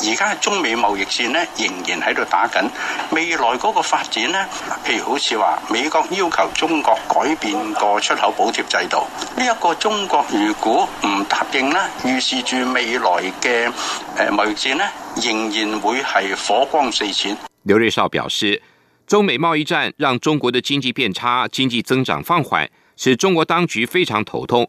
而家中美貿易戰咧，仍然喺度打緊，未來嗰個發展咧，譬如好似話美國要求中國改變個出口補貼制度，呢一個中國如果唔答應咧，預示住未來嘅誒貿易戰咧，仍然會係火光四濺。劉瑞少表示，中美貿易戰讓中國的經濟變差，經濟增長放緩，使中國當局非常頭痛。